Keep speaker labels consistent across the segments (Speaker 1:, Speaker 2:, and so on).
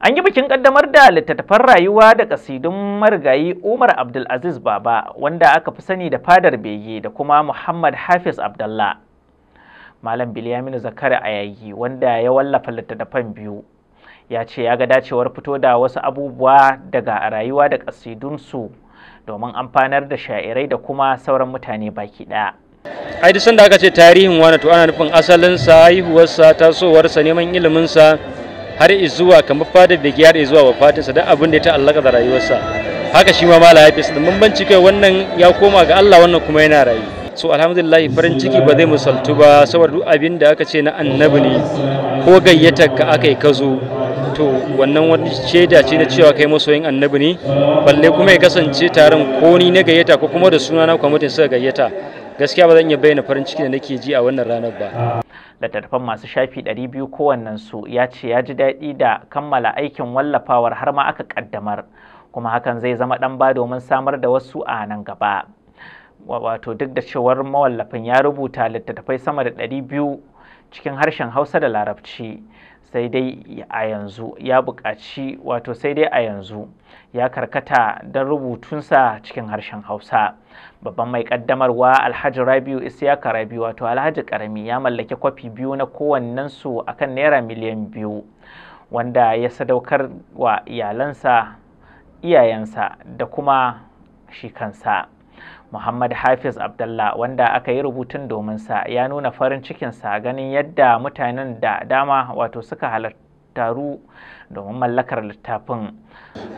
Speaker 1: An yi bikin kaddamar da littattafan rayuwa da kasidun marigayi Umar Abdulaziz Baba wanda aka fi sani da fadar bege da kuma Muhammad Hafiz Abdullah, Malam Bilyaminu Zakari Ayayi wanda ya wallafa littattafan biyu ya ce ya ga dacewar fito da wasu abubuwa daga rayuwa da kasidunsu domin amfanar da sha'irai da kuma sauran mutane baki ɗaya.
Speaker 2: Ai, sanda aka ce tarihin wani to ana nufin asalinsa, haihuwarsa, tasowarsa, neman iliminsa, har zuwa kamar fadar bege har zuwa wafatinsa duk abin da ya ta'allaka da rayuwarsa haka shi ma mala ya fi bambanci kai wannan ya koma ga Allah wannan kuma yana rayu so alhamdulillah farin ciki ba zai musaltu ba saboda duk abin da aka ce na annabi ne ko gayyatar ka aka yi kazo to wannan wani shaida ce na cewa kai masoyin annabi ne balle kuma ya kasance taron ko ni na gayyata ko kuma da sunana na kwamitin suka gayyata gaskiya ba zan iya bayyana farin ciki da nake ji a wannan
Speaker 1: ranar ba littattafan masu shafi 200 kowannen su ya ce ya ji daɗi da kammala aikin wallafawar har ma aka kaddamar kuma hakan zai zama ɗan ba domin samar da wasu a nan gaba wato duk da cewar mawallafin ya rubuta littattafai sama da 200 cikin harshen hausa da larabci sai dai a yanzu ya buƙaci wato sai dai a yanzu ya karkata don rubutunsa cikin harshen hausa babban mai ƙaddamarwa alhaji rabiu isiyaka rabiu wato alhaji karami ya mallaki kwafi biyu na kowannen su akan naira miliyan biyu wanda ya sadaukar wa iyalansa iyayensa da kuma shi kansa Muhammad Hafiz Abdullah wanda aka yi rubutun domin sa ya nuna farin cikinsa ganin yadda mutanen da dama wato suka halartaru domin mallakar littafin.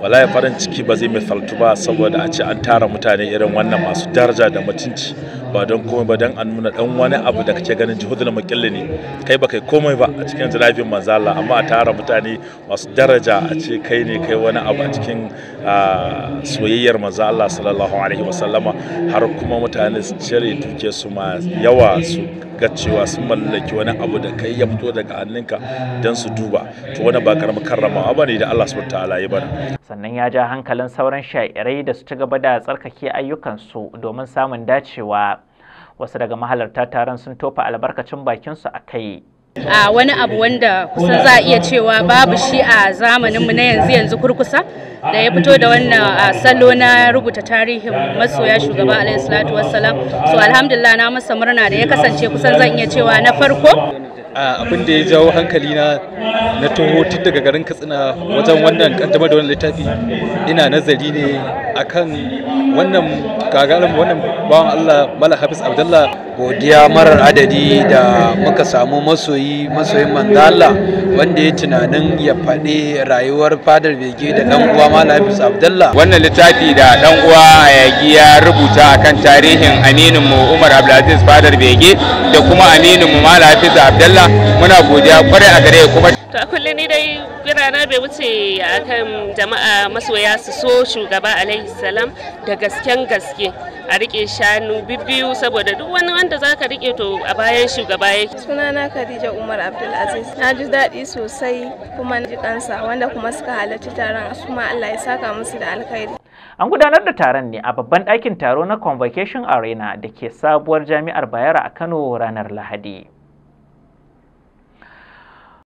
Speaker 1: Wallahi
Speaker 3: farin ciki ba zai misaltu ba saboda a ce an tara mutane irin wannan masu daraja da mutunci ba don komai ba don an nuna dan wani abu da kake ganin jihudul muqilli ne kai ba kai komai ba a cikin zalafin manzala amma a tara mutane masu daraja a ce kai ne kai wani abu a cikin ah, soyayyar manzo Allah sallallahu alaihi wasallama har kuma mutane su cire tuke su ma yawa su ga cewa sun mallaki wani abu da kai ya fito daga hannunka don su duba to wani ba karamin karramawa ba ne da Allah subhanahu ta'ala ya bana
Speaker 1: sannan ya ja hankalin sauran sha'irai da su ci gaba da tsarkake ayyukansu domin samun dacewa wasu daga mahalarta taron sun tofa albarkacin bakinsu a kai a wani abu wanda kusan za iya cewa babu shi a zamaninmu na yanzu yanzu kurkusa da ya fito da wannan salo na rubuta tarihin masoya shugaba alayhi salatu wassalam so alhamdulillah na masa murna da ya kasance kusan zan iya cewa na farko
Speaker 2: abin da ya jawo hankali na na taho tun daga garin katsina wajen wannan kaddamar da wannan littafi ina nazari ne akan wannan gagarin wannan bawan allah mala hafiz abdullah godiya marar adadi
Speaker 1: da muka samu masoyi masoyin manzala
Speaker 3: wanda ya tunanin ya faɗi rayuwar fadar bege da ɗan uwa malafis abdullah wannan littafi da ɗan uwa a yagi ya rubuta akan tarihin aminin mu umar abdulaziz fadar bege da kuma aminin mu Hafiz abdullah muna godiya kwarai a gare kuma
Speaker 1: to a kullum ni dai rana bai wuce akan jama'a masoya su so shugaba alaihi salam da gasken gaske a rike shanu bibiyu saboda duk wani wanda za ka rike to a bayan shugaba yake.
Speaker 2: Sunana Khadija Umar Abdulaziz. Na ji daɗi sosai kuma na ji kansa wanda kuma suka halarci taron su ma Allah ya saka musu da alkhairi.
Speaker 1: An gudanar da taron ne a babban ɗakin taro na Convocation Arena da ke sabuwar jami'ar Bayero a Kano ranar Lahadi.